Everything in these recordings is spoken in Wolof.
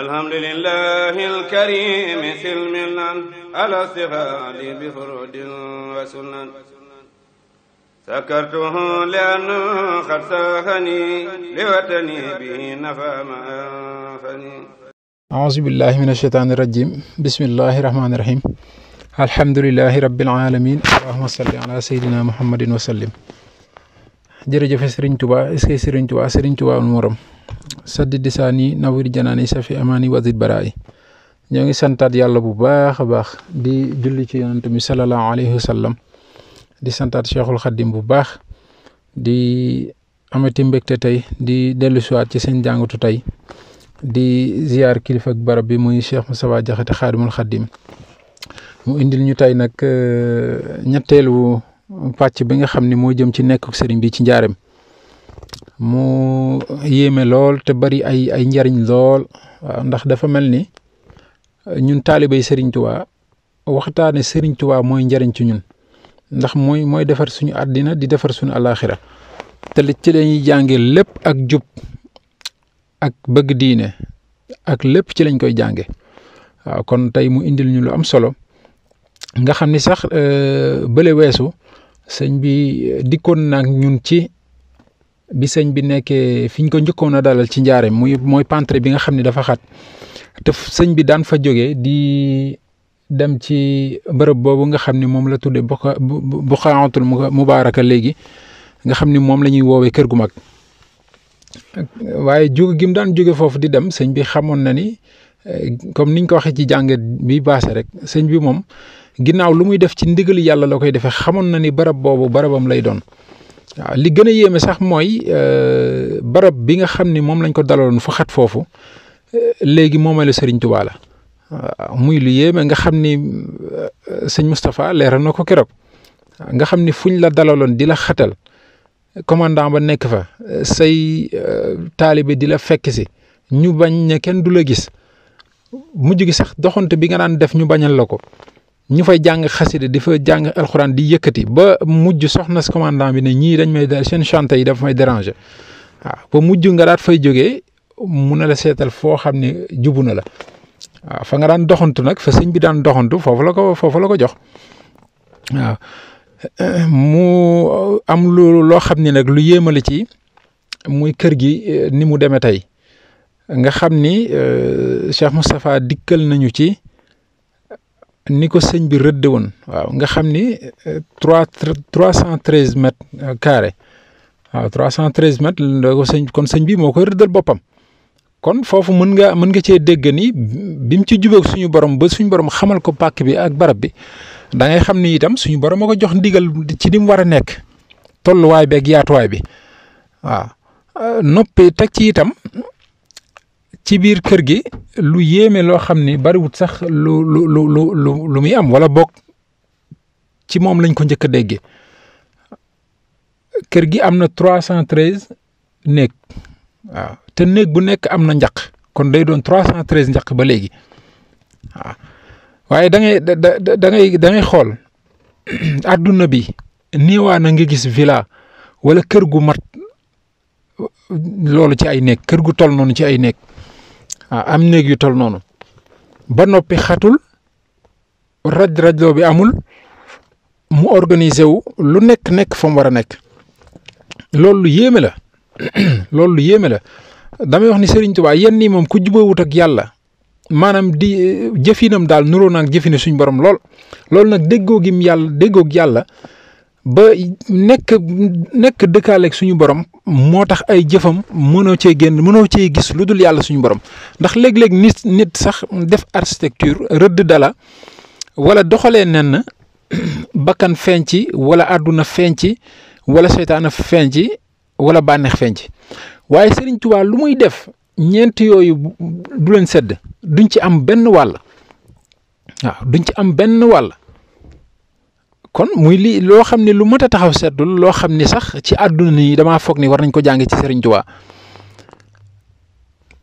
alhamdulillahi alkarimi silmilan alastighali bi furudin wa sunan sakartuhu liannu qad sahani liwatani bihi nafa ma anfani aousubillahi min asheytaani irajim bismillahi rahmaani rahim alhamdulilahi rabbil alamin allahuma salli ala sayidina muhammadin wa sallim jërëjëfe Serigne Touba est-ce que Serigne Touba Serigne Touba amul morom saddi disaani nawir janaani safi amaani wasit baraay ñoo ngi santaat yàlla bu baax a baax di julli ci yonent bi alayhi wa di santaat Cheikhul Khadim bu baax di amati mbégte tey di dellu siwaat ci seen jàngatu tey di ziar kilifa ak bi muy Cheikh Moustapha Diakhaté Khadimul Khadim mu indil ñu tey nag euh, ñetteelu pàcc bi nga xam ni moo jëm ci nekk sëriñ bi ci njaareem mu yéeme lool te bari ay ay njariñ lool waaw ndax dafa mel ni ñun taalibay sëriñ Tuubaa waxtaane sëriñ Tuubaa mooy njariñ ci ñun ndax mooy mooy defar suñu àddina di defar suñu alaaxira te li ci lañuy jànge lépp ak jub ak bëgg diine ak lépp ci lañ koy jànge waaw kon tey mu indil ñu lu am solo nga xam ni sax euh, bële weesu sëñ bi eh, dikkoon nag ñun ci bi sëñ bi nekkee fi ñu ko njëkkoon a dalal ci njaareem muy mooy pentre bi nga xam ne dafa xat te sëñ bi daan fa jóge di dem ci bërëb boobu nga xam ne moom la tuddee buqa buqaatul mubaaraka léegi nga xam ne moom la ñuy woowee kër gu mag. waaye jóge gi mu daan jóge foofu di dem sëñ bi xamoon na ni eh, comme niñ ko waxee ci jàngat bi baase rek sëñ bi moom. ginnaaw lu muy def ci ndigal yàlla la koy defee xamoon na ni barab boobu barabam lay doon waaw li gën a yéeme sax mooy euh, barab bi nga xam ni moom lañ ko dalaloon fu xat foofu euh, léegi moomeelu Serigne Touba la muy lu yéeme nga xam ni euh, sëñ Moustapha leeral na ko keroog nga xam ni fuñ la dalaloon di la xatal commandant ba nekk fa say taalibe di la fekk si ñu bañ ne kenn du la gis mujj gi sax doxante bi nga daan def ñu bañal la ko ñu fay jàng xasida di fa jàng alxuraan di yëkkati ba mujj soxna commandant bi ne ñii dañ may seen chanté yi dafa may déranger waaw ba mujj nga daat fay jógee mun na la seetal foo xam ne jubu na la waaw fa nga daan doxantu nag fa sëñ bi daan doxantu foofu la ko foofu la ko jox waaw mu am loo xam ni nag lu yéemale ci muy kër gi ni mu demee tey nga xam ni euh, Cheikh Moustapha dikkal nañu ci. ni ko sëñ bi rëdd woon waaw nga xam ni euh, trois trois cent treize mètres euh, carré waaw trois cent treize mètres sëñ kon sëñ bi moo koy rëddal boppam kon foofu mën nga mën nga cee dégg ni bi mu ci jubóog suñu borom ba suñu borom xamal ko pakk bi ak barab bi da ngay xam ni itam suñu borom a ko jox ndigal ci li mu war a nekk tolluwaay bi ak yaatuwaay bi waaw euh, noppi teg ci itam ci biir kër gi lu yéeme loo xam ni bariwut sax lu lu lu lu muy am wala bokk ci moom lañ ko njëkk a déggee kër gi am na trois cent treize néeg waaw te néeg bu nekk am na njaq kon day doon trois cent treize njaq ba léegi waaw waaye da dangay da xool àdduna bi niiwaa na nga gis villa wala kër gu mat loolu ci ay néeg kër gu toll noonu ci ay néeg Ah, am néeg yu tol noonu ba noppi xatul raj rajloo bi amul mu organiser wu lu nekk nekk fa mu war a nekk loolu lu yéeme la loolu lu yéeme la damay wax ni Serigne Touba yenn yi moom ku jubawut ak yàlla maanaam di jëfinam daal nuroo naag jëfine suñ borom lool loolu nag déggoo gim yàlla déggoog yàlla. ba nekk nekk dëkkaaleeg suñu borom moo tax ay jëfam mënoo cee génn mënoo cee gis lu dul yàlla suñu borom ndax léeg-léeg nit nit sax def architecture rëdd dala wala doxalee nen bakkan feeñ ci wala àdduna feeñci ci wala seytaana feeñ ci wala bànneex feeñ ci waaye Sëriñ Tuubaa lu muy def ñeent yooyu du leen sedd duñ ci am benn wàll waaw duñ ci am benn wàll. kon muy lii loo xam ne lu mat a taxaw seetlu loo xam ni sax ci àdduna yi damaa foog ni war nañ ko jàng ci Serigne Touba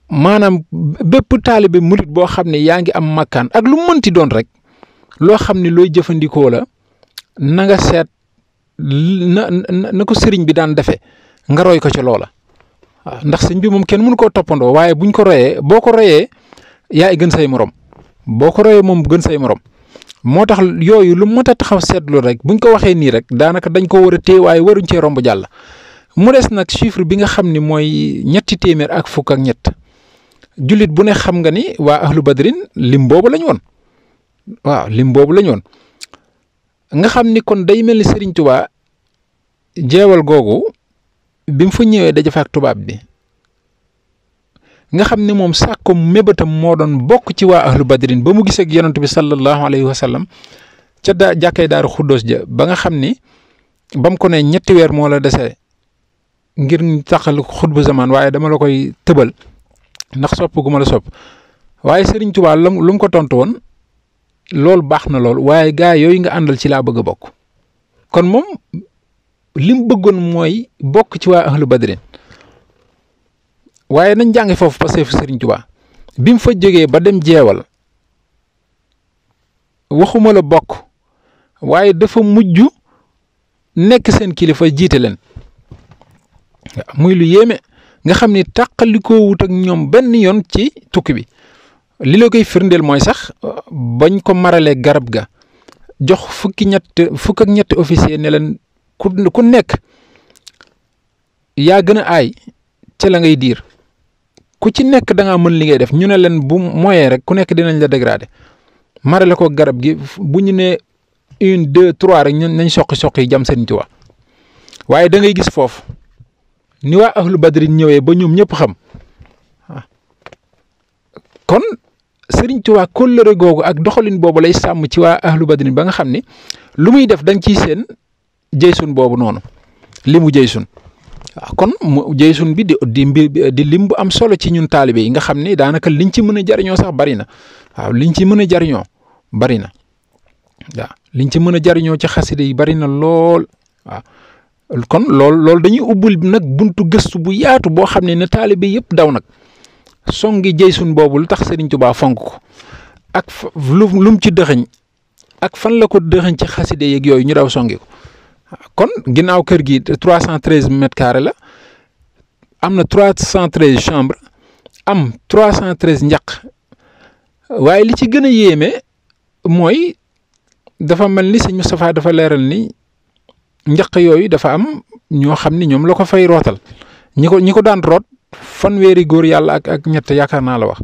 maanaam bépp taalibe murit boo xam ne yaa ngi am makkaan ak lu mënti doon rek loo xam ne looy jëfandikoo la na nga seet na na ko sëriñ bi daan defee nga roy ko ci loola. ndax sëñ bi moom kenn mënu koo toppandoo waaye bu buñ ko royee boo ko royee yaay gën say morom boo ko royee moom gën say morom. moo tax yooyu lu mot a taxaw seetlu rek buñ ko waxee nii rek daanaka dañ ko war a téye waaye waruñ cee romb jàll mu des nag chiffre bi nga xam ni mooy ñetti téeméer ak fukk ak ñett jullit bu ne xam nga ni waa ahlu badrin lim boobu lañ woon waaw lim boobu lañ woon nga xam ni kon day mel ni Serigne Touba jeewal googu bi mu fa ñëwee daje fa tubaab bi nga xam ne moom sàkko mébatam moo doon bokk ci waa ahlu badrin ba mu gisee ak yonent bi sallallahu alayhi wa sallam ca daa jàkkay daaru xuddoos ja ba nga xam ni ba mu ko ne ñetti weer moo la dese ngir taxal xutbu zamaan waaye dama la koy tëbal ndax sopp gu ma la sopp waaye sëriñ Touba lu mu ko tontu woon loolu baax na lool waaye gaa yooyu nga àndal ci laa bëgg a bokk kon moom lim bëggoon mooy bokk ci waa ahlu badrin waaye nañ jànge foofu pasteefu sëriñ Tuubaa bi mu fa jógee ba dem jeewal waxuma la bokk waaye dafa mujj nekk seen kilifa jiite leen muy lu yéeme nga xam ni tàqalikoo wut ak ñoom benn yoon ci tukki bi li la koy firndeel mooy sax bañ ko maralee garab ga jox fukki ñett fukk ak ñetti officier ne ku ku nekk yaa gën a aay ca la ngay diir ku ci nekk da ngaa mën li ngay def ñu ne leen bu moyen rek ku nekk dinañ la dégradé mare la ko garab gi bu ñu nee une deux trois rek nañ soqi soqi jam seen tuwa waaye da ngay gis foofu ni waa ahlu badri ñëwee ba ñoom ñëpp xam ah. kon Sëriñ Tuubaa kóllëre googu ak doxalin boobu lay sàmm ci waa ahlu badrin ba nga xam ni lu muy def da ciy seen jëysun boobu noonu li mu jëysun Ah, kon mu jeysun bi di di di lim bu am solo ci ñun taalibe yi nga xam ni daanaka liñ ci mën a jariñoo sax bari na waaw liñ ci mën a jariñoo bari na waaw liñ ci mën a jariñoo ci xasida yi bari na lool waaw kon lool loolu dañuy ubbul nag buntu gëstu bu yaatu boo xam ne ne taalibe yëpp daw nag songi jeysun boobu lu tax Serigne Touba fonk ko ak lu lum ci dëxëñ ak fan la ko dëxëñ ci xasida yeeg yooyu ñu daw songi ko kon ginnaaw kër gi 313 mètres carrés la am na 313 chambres am cent 313 njaq waaye li ci gën a yéeme mooy dafa mel ni sëñ Moustapha dafa leeral ni njaq yooyu dafa am ñoo xam ni ñoom la ko fay rootal ñi ko ñi ko daan root weeri góor yàlla ak ak ñett yaakaar naa la wax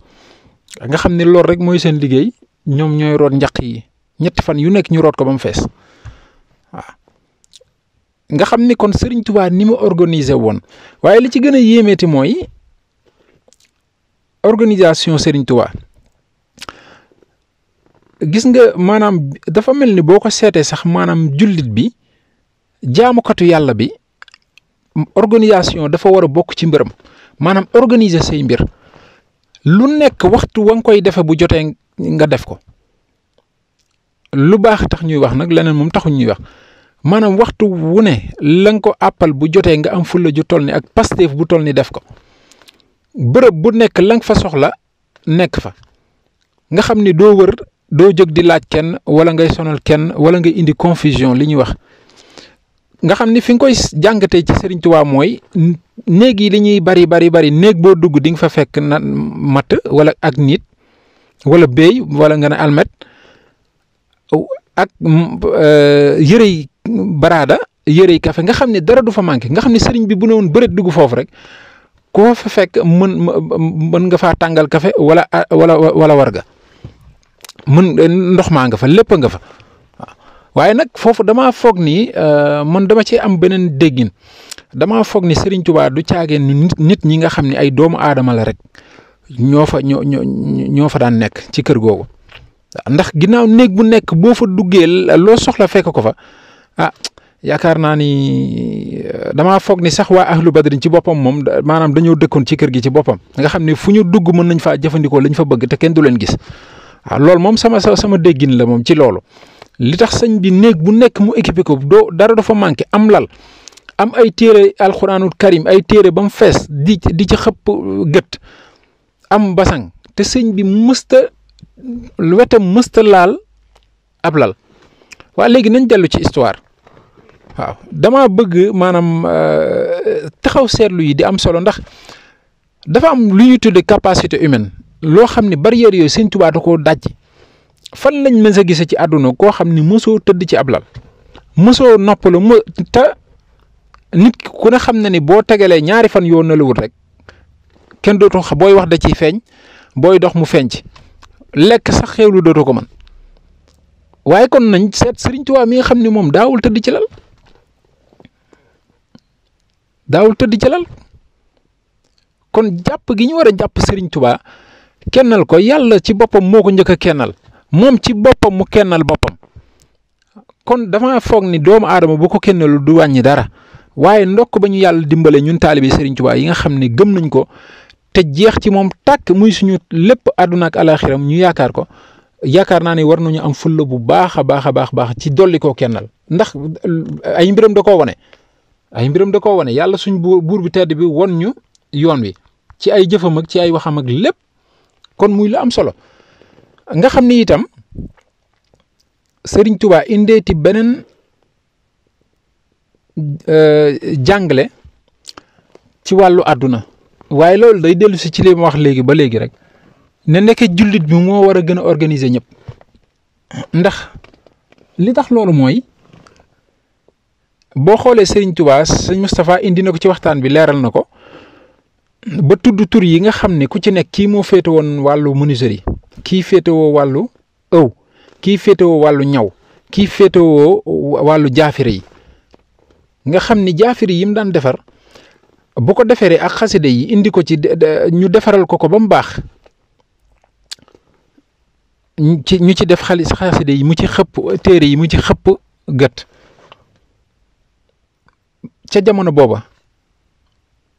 nga xam ni loolu rek mooy seen liggéey ñoom ñooy root njaq yi ñetti fan yu nekk ñu root ko ba mu fees. nga xam ni kon Serigne ni mu organisé woon waaye li ci gën a yéemeeti mooy organisation Serigne gis nga maanaam dafa mel ni boo ko seetee sax maanaam jullit bi jaamukatu yàlla bi organisation dafa war a bokk ci mbiram maanaam organiser say mbir lu nekk waxtu wa nga koy defee bu jotee nga def ko lu baax tax ñuy wax nag leneen moom taxuñ ñuy wax. maanaam waxtu wu ne la nga ko àppal bu jotee nga am fulla ju toll ni ak pasteef bu toll ni def ko bërëb bu nekk la nga fa soxla nekk fa nga xam ni doo wër doo jóg di laaj kenn wala ngay sonal kenn wala nga indi confusion li ñuy wax nga xam ni fi nga koy jàngatee ci Sëriñ Tuubaa mooy néeg yi li ñuy bari bari bari néeg boo dugg di nga fa fekk na matt wala ak nit wala béy wala nga ne almet ak euh, yëre yi baraada yërey kafe nga xam ne dara du fa manqué nga xam ne sëriñ bi bu ne woon bëreet dugg foofu rek koo fa fekk mën mën nga faa tàngal kafe wala wala wala warga mën ndox maa nga fa lépp nga fa waaye nag foofu dama foog ni euh, man dama cee am beneen déggin dama foog ni sëriñ Touba du caagee nit nit ñi nga xam ne ay doomu aadama la rek ñoo fa ñoo fa daan nekk ci kër googu ndax ginnaaw néeg bu nekk boo fa duggee loo soxla fekk ko fa. ah yaakaar naa ni euh, damaa foog ni sax waa ahlu badrin ci boppam moom maanaam dañoo dëkkoon ci kër gi ci boppam nga xam ni fu ñu dugg mën nañ faa jëfandikoo lañ fa bëgg te kenn du leen gis waaw ah, loolu moom sama sama déggin la moom ci loolu li tax sëñ bi néeg bu nekk mu équipé ko doo dara dafa manqué am lal am ay téere alxuraanul karim ay téere ba mu fees di di ci xëpp euh, gët am basang te sëñ bi mësta lu wetam mësta laal ab lal waa léegi nañ dellu ci histoire waaw dama bëgg maanaam euh, taxaw seetlu yi di am solo ndax dafa am lu ñuy tuddee capacité humaine loo xam ne barrières yooyu Sëñ Tuubaa da koo daj fan lañ mës a gisee ci àdduna koo xam ni mësoo tëdd ci ab lal mësoo noppalu më te nit ku ne xam na ni boo tegalee ñaari fan yoon nelawul rek kenn dootu booy wax da ciy feeñ booy dox mu feeñ ci lekk sax xewlu dootu ko man waaye kon nañ seet Sëriñ Tuubaa mi nga xam ne moom daawul tëdd ci lal. daawul tëdd ci lal kon jàpp gi ñu war a jàpp sëriñ tubaa kennal ko yàlla ci boppam moo ko njëkk a kennal moom ci boppam mu kennal boppam kon dama foog ni doomu aadama bu ko kennalu du wàññi dara waaye ndokk ba ñu yàlla dimbale ñun taalibe Serigne Touba yi nga xam ni gëm nañ ko te jeex ci moom tàkk muy suñu lépp àdduna ak alaaxiram ñu yaakaar ko yaakaar naa ni war nañu am fulla bu baax a baax a baax baax ci dolli koo kennal ndax ay mbiram da koo wane. ay mbiram da ko wane yàlla suñ buur bu tedd bi won ñu yoon wi ci ay jëfam ak ci ay waxam ak lépp kon muy lu am solo nga xam ni itam Sëriñ Tuubaa indeeti beneen euh, jàngale ci wàllu àdduna waaye loolu day dellu si ci li ma wax léegi ba léegi rek ne nekk jullit bi moo war a gën a organise ñëpp ndax li tax loolu mooy. boo xoolee Serigne Touba sëñ Moustapha indi na ko ci waxtaan bi leeral na ko ba tudd tur yi nga xam ne ku ci nekk kii moo féete woon wàllu menuiserie kii féetewoo wàllu ëw kii féetewoo wàllu ñaw kii féetewoo wàllu jaafire yi nga xam ni jaafire yi mu daan defar bu ko deferee ak xaside yi indi ko ci ñu defaral ko ko ba mu baax ñu ci def xaalis xaside yi mu ci xëpp téere yi mu ci xëpp gët ca jamono booba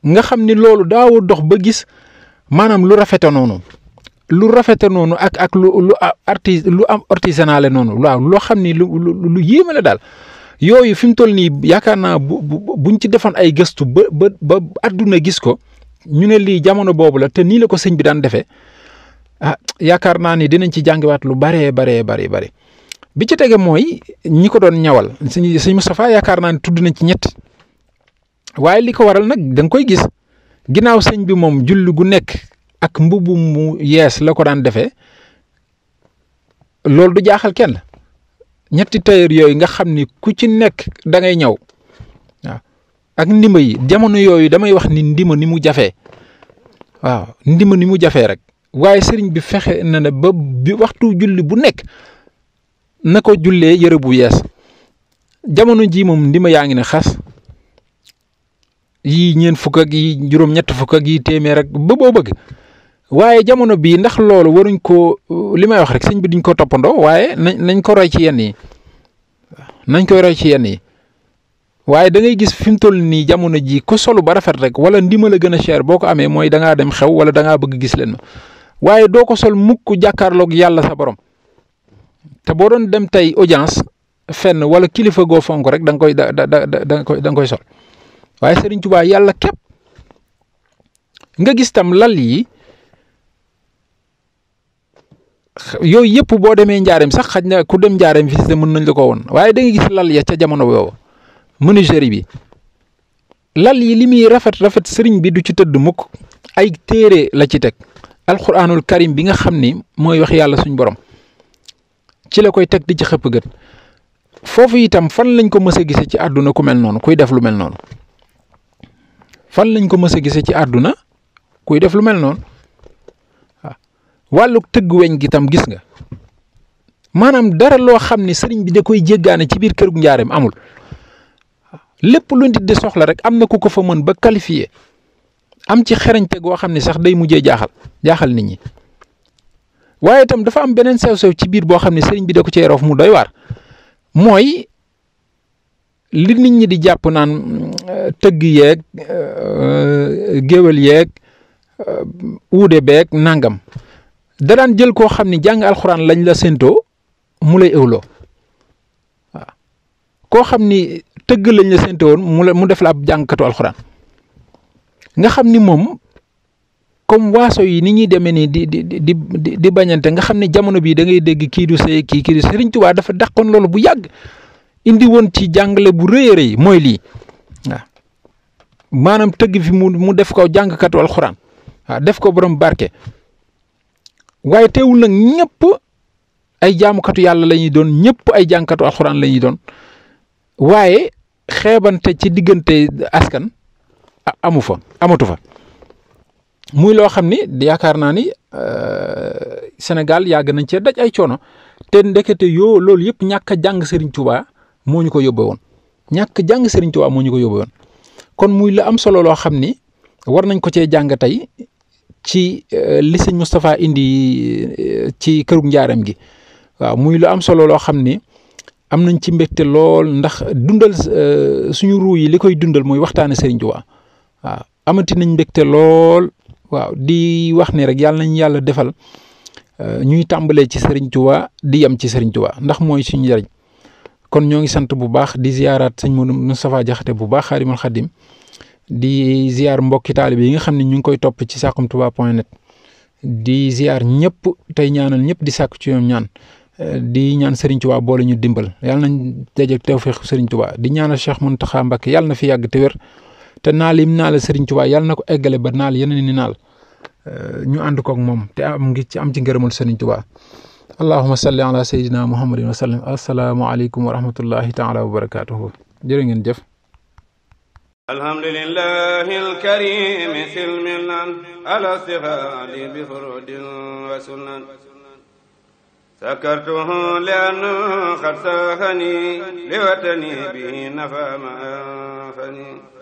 nga xam ni loolu daaw dox ba gis maanaam lu rafete noonu lu rafete noonu ak ak lu lu arti lu am artisanale noonu waaw loo xam ni lu lu lu yéeme la daal yooyu fi mu toll nii yaakaar naa bu buñ ci defoon ay gëstu ba ba ba adduna gis ko ñu ne lii jamono boobu la te nii la ko sëñ bi daan defee ah yaakaar naa ni dinañ ci jàngiwaat lu baree baree baree bare bi ci tege mooy ñi ko doon ñawal sëñ sëñ Moustapha yaakaar naa ni tudd nañ ci ñett waaye li ko waral nag danga koy gis ginnaaw sëñ bi moom julli gu nekk ak mbubb mu yees la ko daan defee loolu du jaaxal kenn ñetti tailleur yooyu nga xam ni ku ci nekk da ngay ñëw ak ndima yi jamono yooyu damay wax ni ndima ni mu jafe waaw ndima ni mu jafee rek waaye sëriñ bi fexe na ne ba bi waxtu julli bu nekk na ko jullee yëre bu yees jamono jii moom ndima yaa ngi ne xas. yii ñeen fukk ak yi juróom-ñett fukk ak yi téeméer ak ba boo bëgg waaye jamono bii ndax loolu waruñ ko li may wax rek sëñ bi duñ ko toppandoo waaye nañ nañ ko roy ci yenn yi nañ koy roy ci yenn yi waaye dangay gis fi mu toll nii jamono ji ko solu ba rafet rek wala ndima la gën a cher boo ko amee mooy da dem xew wala da bëgg gis leen ma waaye doo ko sol mukk jàkkaarloog yàlla sa borom te boo doon dem tey audience fenn wala kilifa goo fonk rek da koy da da da da nga koy sol. waaye Serigne Touba yàlla képp nga gis tam lal yi yooyu yëpp boo demee njaareem sax xaj na ku dem njaareem fi mën nañ la ko woon waaye da gis lal ya ca jamono boobu menuiserie bi lal yi li muy rafet rafet sëriñ bi du ci tëdd mukk ay téere la ci teg alxuraanul karim bi nga xam ni mooy wax yàlla suñ borom ci la koy teg di ci xëpp gët foofu itam fan lañ ko mës a gisee ci àdduna ku mel noonu kuy def lu mel noonu. fan lañ ko mës a gisee ci àdduna kuy def lu mel noonu waaw wàllu tëgg weñ gi tam gis nga maanaam dara loo xam ne sëriñ bi da koy jéggaane ci biir kër gu njaareem amul lépp lu nit di soxla rek am na ku ko fa mën ba qualifié am ci xerañte goo xam ne sax day mujjee jaaxal jaaxal nit ñi waaye itam dafa am beneen sew-sew ci biir boo xam ne sëriñ bi da ko cee roof mu doy waar mooy li nit ñi di jàpp naan euh, tëgg yeeg euh, géwél yeeg euh, uude beek nangam da daan jël koo xam ni jàng alxuraan lañ la séentoo mu lay ëwloo waaw koo xam ni tëgg lañ la séentoo woon mu mu def la ab jàngkatu alxuraan nga xam ni moom comme waaso yi ni ñuy demee nii di di di di bañante nga xam ni jamono bii da ngay dégg kii du sëy kii kii du sëy Sëriñ Tuubaa dafa dàqoon loolu bu yàgg. indi woon ci jàngale bu rëy a rëy mooy lii waaw maanaam tëgg fi mu mu def ko jàngkatu alxuraan waaw def ko borom barke waaye teewul nag ñëpp ay jaamukatu yàlla la ñuy doon ñëpp ay jàngkatu alxuraan la ñuy doon waaye xeebante ci diggante askan amu fa amatu fa muy loo xam ni yaakaar naa ni euh, Sénégal yàgg nañ cee daj ay coono te ndekete yoo loolu yëpp ñàkk jàng Serigne Touba moo ñu ko yóbbe woon ñàkk jàng sëriñ Touba moo ñu ko yóbbe woon kon muy la am solo loo xam ni war nañ ko cee jàng tey ci euh, li sëñ Moustapha indi euh, ci kërug njaaram gi waaw muy lu am solo loo xam ni am nañ ci mbégte lool ndax dundal euh, suñu ruu yi li koy dundal mooy waxtaane Serigne Touba waaw amati nañ mbégte lool waaw di wax ni rek yàlla nañu yàlla defal ñuy tàmbalee ci Serigne Touba di yem ci Serigne Touba ndax mooy suñu njariñ kon ñoo ngi sant bu baax di ziaraat sañ Modou Moustapha Diakhaté bu baax xaadimul xadim di ziar mbokki taalibe yi nga xam ne ñu ngi koy topp ci Saxum Touba point net di ziar ñëpp tey ñaanal ñëpp di sàkk ci ñoom ñaan eh, di ñaan Serigne Touba boole ñu dimbal yàlla nañ dajeeg tawfeex Serigne Touba di ñaanal Cheikh Mountakha Mbacké yàlla na fi yàgg te wér te naal yim naal Serigne Touba yàlla na ko eggale ba naal yeneen ni naal eh, ñu ànd kook moom te am ngi ci am ci ngërëmal Serigne Touba allahuma salli ala sayyidina muhammadin wa sallim asalaamaaleykum wa rahmatullahi taala wa barakaatuhu jërë ngeen jëf alhamdulillahi alkarimi silmilan ala sihali bi furudin wa sunan sakartuhu liannu xad sahani liwatani bihi nafa ma anfani